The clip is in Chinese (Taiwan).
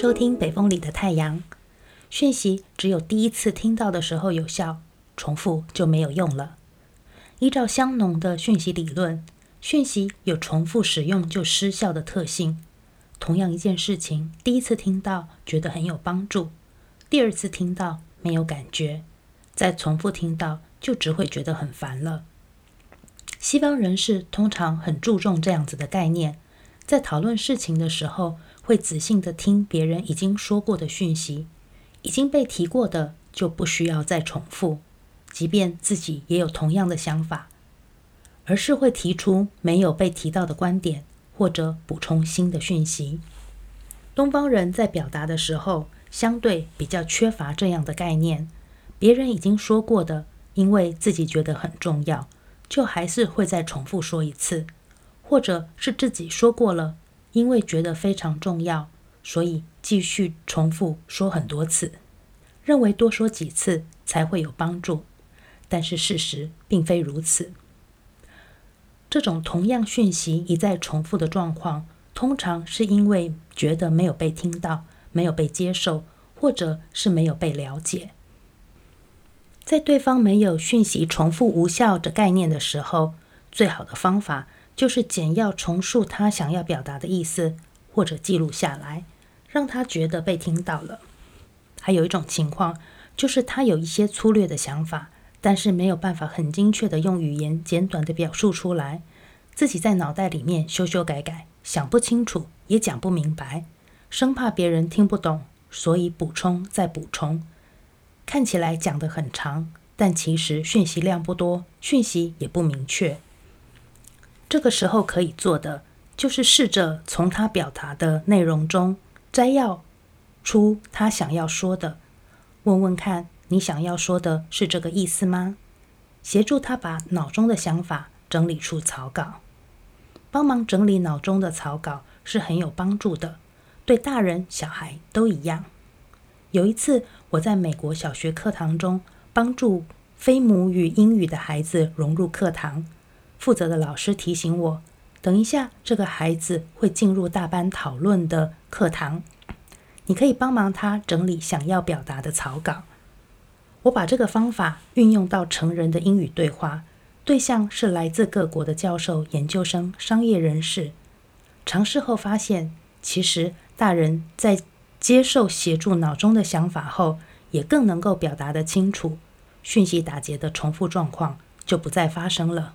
收聽北風裡的太陽，訊息只有第一次聽到的時候有效，重複就沒有用了。依照香農的訊息理論，訊息有重複使用就失效的特性。同樣一件事情，第一次聽到覺得很有幫助，第二次聽到沒有感覺，再重複聽到就只會覺得很煩了。西方人士通常很注重這樣子的概念，在討論事情的時候。會仔細的聽別人已經說過的訊息，已經被提過的就不需要再重複，即便自己也有同樣的想法，而是會提出沒有被提到的觀點，或者補充新的訊息。東方人在表達的時候，相對比較缺乏這樣的概念，別人已經說過的，因為自己覺得很重要，就還是會再重複說一次，或者是自己說過了。因為覺得非常重要，所以繼續重複說很多次，認為多說幾次才會有幫助。但是事實並非如此。這種同樣訊息一再重複的狀況，通常是因為覺得沒有被聽到、沒有被接受，或者是沒有被了解。在對方沒有訊息重複無效這概念的時候，最好的方法。就是簡要重述他想要表達的意思，或者記錄下來，讓他覺得被聽到了。還有一種情況，就是他有一些粗略的想法，但是沒有辦法很精確地用語言簡短地表述出來，自己在腦袋裡面修修改改，想不清楚也講不明白，生怕別人聽不懂，所以補充再補充，看起來講得很長，但其實訊息量不多，訊息也不明確。這個時候可以做的，就是試着從他表達的內容中摘要出他想要說的，問問看你想要說的是這個意思嗎？協助他把腦中的想法整理出草稿，幫忙整理腦中的草稿是很有幫助的，對大人小孩都一樣。有一次我在美國小學課堂中幫助非母語英語的孩子融入課堂。負責的老師提醒我：“等一下，這個孩子會進入大班討論的課堂，你可以幫忙他整理想要表達的草稿。”我把這個方法運用到成人的英語對話，對象是來自各國的教授、研究生、商業人士。嘗試後發現，其實大人在接受協助腦中的想法後，也更能夠表達得清楚，訊息打結的重複狀況就不再發生了。